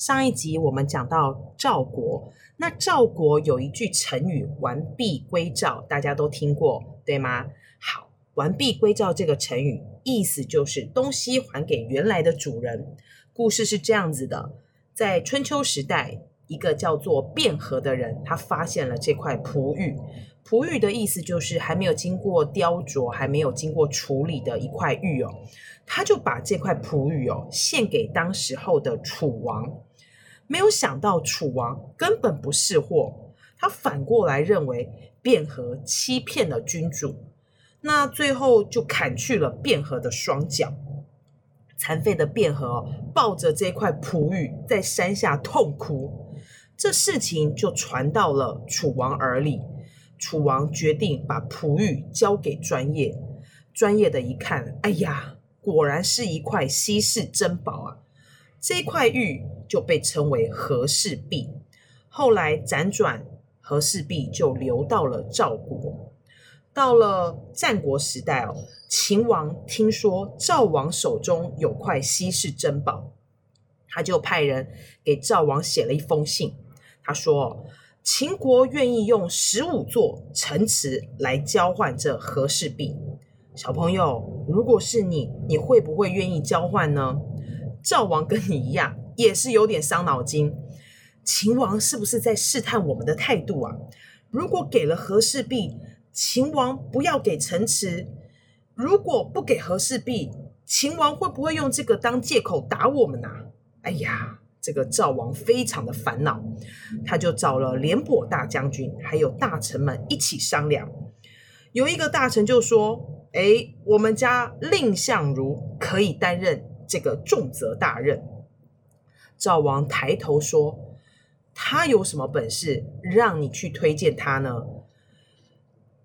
上一集我們講到趙國，那趙國有一句成語“完璧歸趙”，大家都聽過對嗎？好，“完璧歸趙”這個成語意思就是東西還給原來的主人。故事是這樣子的，在春秋時代，一個叫做卞和的人，他發現了這塊璞玉。璞玉的意思就是還沒有經過雕琢，還沒有經過處理的一塊玉哦。他就把這塊璞玉哦獻給當時候的楚王，沒有想到楚王根本不識貨，他反過來認為卞和欺騙了君主，那最後就砍去了卞和的雙腳，殘廢的卞和抱着這塊璞玉在山下痛哭，這事情就傳到了楚王耳裡。楚王決定把璞玉交給專業，專業的一看，哎呀，果然是一塊稀世珍寶啊！這塊玉就被稱為和氏璧。後來輾轉，和氏璧就流到了趙國。到了戰國時代哦，秦王聽說趙王手中有塊稀世珍寶，他就派人給趙王寫了一封信，他說。秦國願意用十五座城池來交換這和氏璧。小朋友，如果是你，你會不會願意交換呢？趙王跟你一樣，也是有點傷腦筋。秦王是不是在試探我們的態度啊？如果給了和氏璧，秦王不要給城池；如果不給和氏璧，秦王會不會用這個當借口打我們呢啊？哎呀！這個趙王非常的煩惱，他就找了廉頗大將軍，還有大臣們一起商量。有一個大臣就說：“哎，我們家藺相如可以擔任這個重責大任。”趙王抬頭說：“他有什麼本事讓你去推薦他呢？”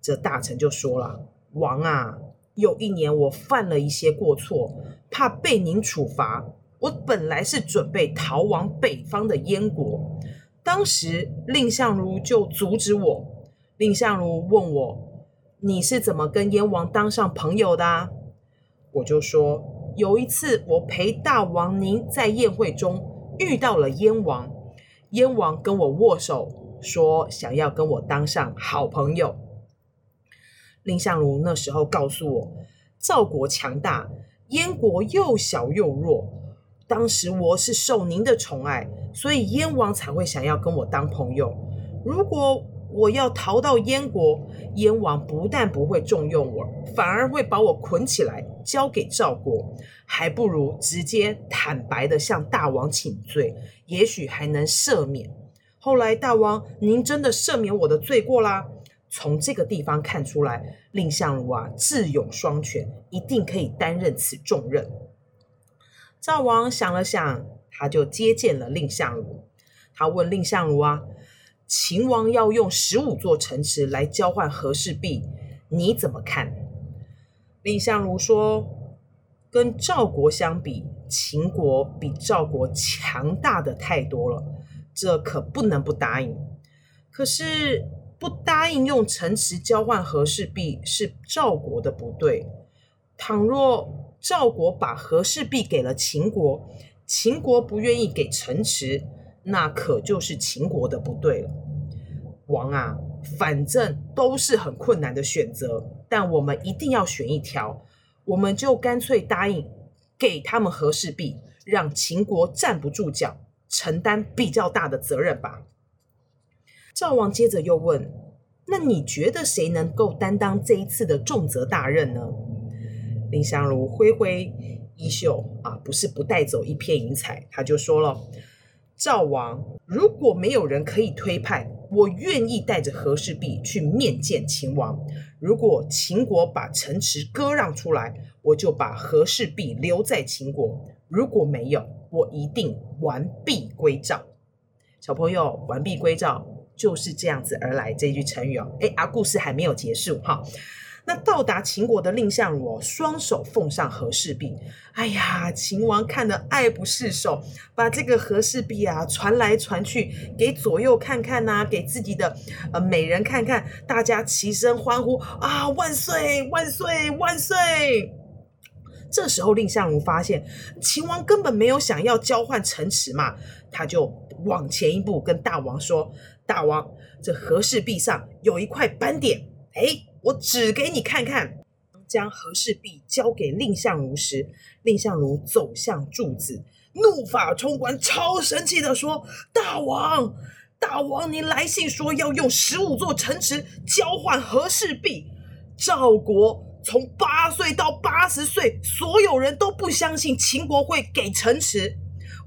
這大臣就說了：“王啊，有一年我犯了一些過錯，怕被您處罰。”我本來是準備逃往北方的燕國，當時藺相如就阻止我。藺相如問我：“你是怎麼跟燕王當上朋友的啊？”我就說：“有一次，我陪大王您在宴會中遇到了燕王，燕王跟我握手，說想要跟我當上好朋友。”藺相如那時候告訴我：“趙國強大，燕國又小又弱。”當時我是受您的寵愛，所以燕王才會想要跟我當朋友。如果我要逃到燕國，燕王不但不會重用我，反而會把我捆起來交給趙國，還不如直接坦白地向大王請罪，也許還能赦免。後來大王，您真的赦免我的罪過啦？從這個地方看出來，藺相如啊，智勇雙全，一定可以擔任此重任。趙王想了想，他就接見了藺相如。他問藺相如：“啊，秦王要用十五座城池來交換和氏璧，你怎麼看？”藺相如說：“跟趙國相比，秦國比趙國強大的太多了，這可不能不答應。可是不答應用城池交換和氏璧是趙國的不對。倘若……”趙國把和氏璧給了秦國，秦國不願意給城池，那可就是秦國的不對了。王啊，反正都是很困難的選擇，但我們一定要選一條，我們就乾脆答應給他們和氏璧，讓秦國站不住腳，承擔比較大的責任吧。趙王接着又問：“那你覺得誰能夠擔當這一次的重責大任呢？”藺相如揮揮衣袖啊，不是不帶走一片雲彩，他就說了：“趙王如果沒有人可以推派，我願意帶着和氏璧去面見秦王。如果秦國把城池割讓出來，我就把和氏璧留在秦國；如果沒有，我一定完璧歸趙。”小朋友，“完璧歸趙”就是這樣子而來這句成語哦、啊。哎、欸、啊，故事還沒有結束哈。那到達秦國的藺相如哦，雙手奉上和氏璧。哎呀，秦王看得愛不釋手，把這個和氏璧啊傳來傳去，給左右看看吶、啊，給自己的呃美人看看，大家齊聲歡呼啊！萬歲，萬歲，萬歲！這時候藺相如發現秦王根本沒有想要交換城池嘛，他就往前一步跟大王說：“大王，這和氏璧上有一塊斑點，哎、欸。”我只給你看看。將和氏璧交給藺相如時，藺相如走向柱子，怒髮衝冠，超生氣地說：“大王，大王，您來信說要用十五座城池交換和氏璧。趙國從八歲到八十歲，所有人都不相信秦國會給城池。”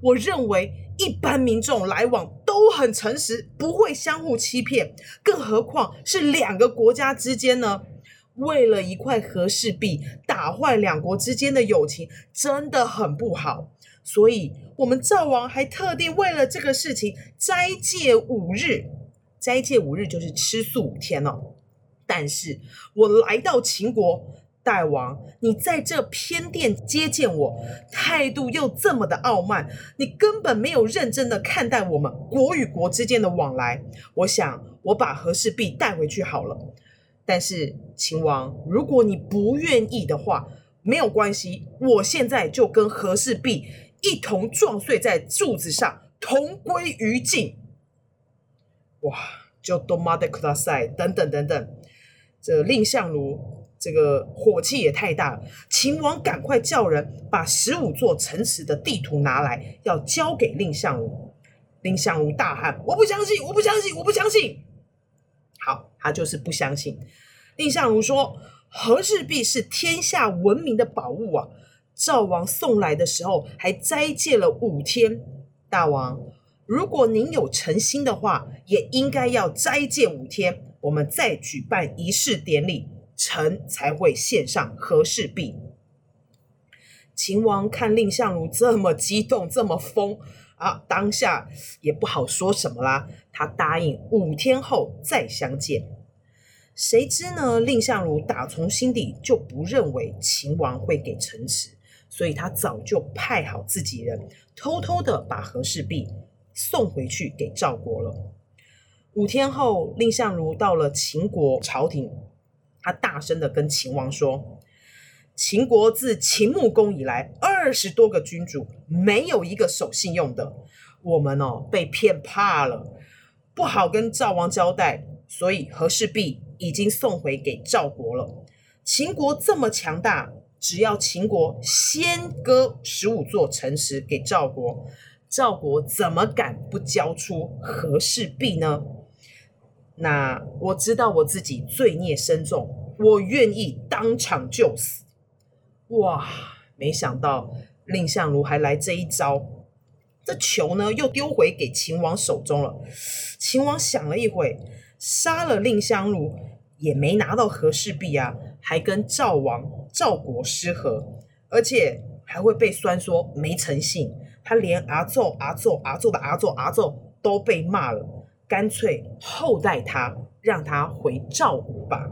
我認為一般民眾來往都很誠實，不會相互欺騙。更何況是兩個國家之間呢？為了一塊和氏璧，打壞兩國之間的友情，真的很不好。所以，我們趙王還特地為了這個事情齋戒五日，齋戒五日就是吃素五天哦。但是我來到秦國。大王，你在這偏殿接見我，態度又這麼的傲慢，你根本沒有認真的看待我們國與國之間的往來。我想我把和氏璧帶回去好了。但是秦王，如果你不願意的話，沒有關係，我現在就跟和氏璧一同撞碎在柱子上，同歸於盡。哇，就多瑪的苦大賽等等等等，這藺相如。這個火氣也太大了，秦王趕快叫人把十五座城池的地圖拿來，要交給藺相如。藺相如大喊：“我不相信！我不相信！我不相信！”好，他就是不相信。藺相如說：“和氏璧是天下聞名的寶物啊，趙王送來的時候還齋戒了五天。大王，如果您有誠心的話，也應該要齋戒五天，我們再舉辦儀式典禮。”臣才會獻上和氏璧。秦王看藺相如這麼激動，這麼瘋啊，當下也不好說什麼啦。他答應五天後再相見。誰知呢？藺相如打從心底就不認為秦王會給城池，所以他早就派好自己人，偷偷的把和氏璧送回去給趙國了。五天後，藺相如到了秦國朝廷。他大聲的跟秦王說：“秦國自秦穆公以來，二十多個君主沒有一個守信用的，我們哦被騙怕了，不好跟趙王交代，所以和氏璧已經送回給趙國了。秦國這麼強大，只要秦國先割十五座城池給趙國，趙國怎麼敢不交出和氏璧呢？那我知道我自己罪孽深重。”我願意當場就死！哇，沒想到藺相如還來這一招，這球呢又丟回給秦王手中了。秦王想了一會，殺了藺相如也沒拿到和氏璧啊，還跟趙王、趙國失和，而且還會被酸說沒誠信。他連阿揍、阿揍、阿揍的阿揍、阿揍都被罵了，乾脆厚待他，讓他回趙國吧。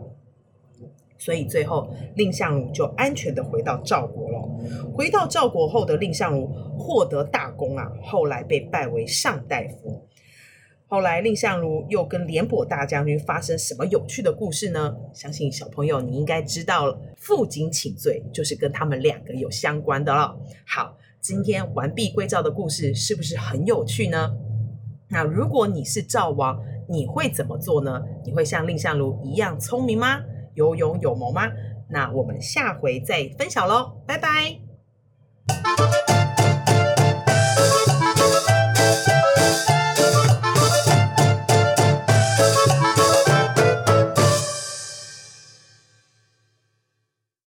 所以最後，藺相如就安全的回到趙國了。回到趙國後的藺相如獲得大功啊，後來被拜為上大夫。後來藺相如又跟廉頗大將軍發生什麼有趣的故事呢？相信小朋友你應該知道了，負荊請罪就是跟他們兩個有相關的了。好，今天完璧歸趙的故事是不是很有趣呢？那如果你是趙王，你會怎麼做呢？你會像藺相如一樣聰明嗎？有勇有謀嗎？那我們下回再分享嘍，拜拜。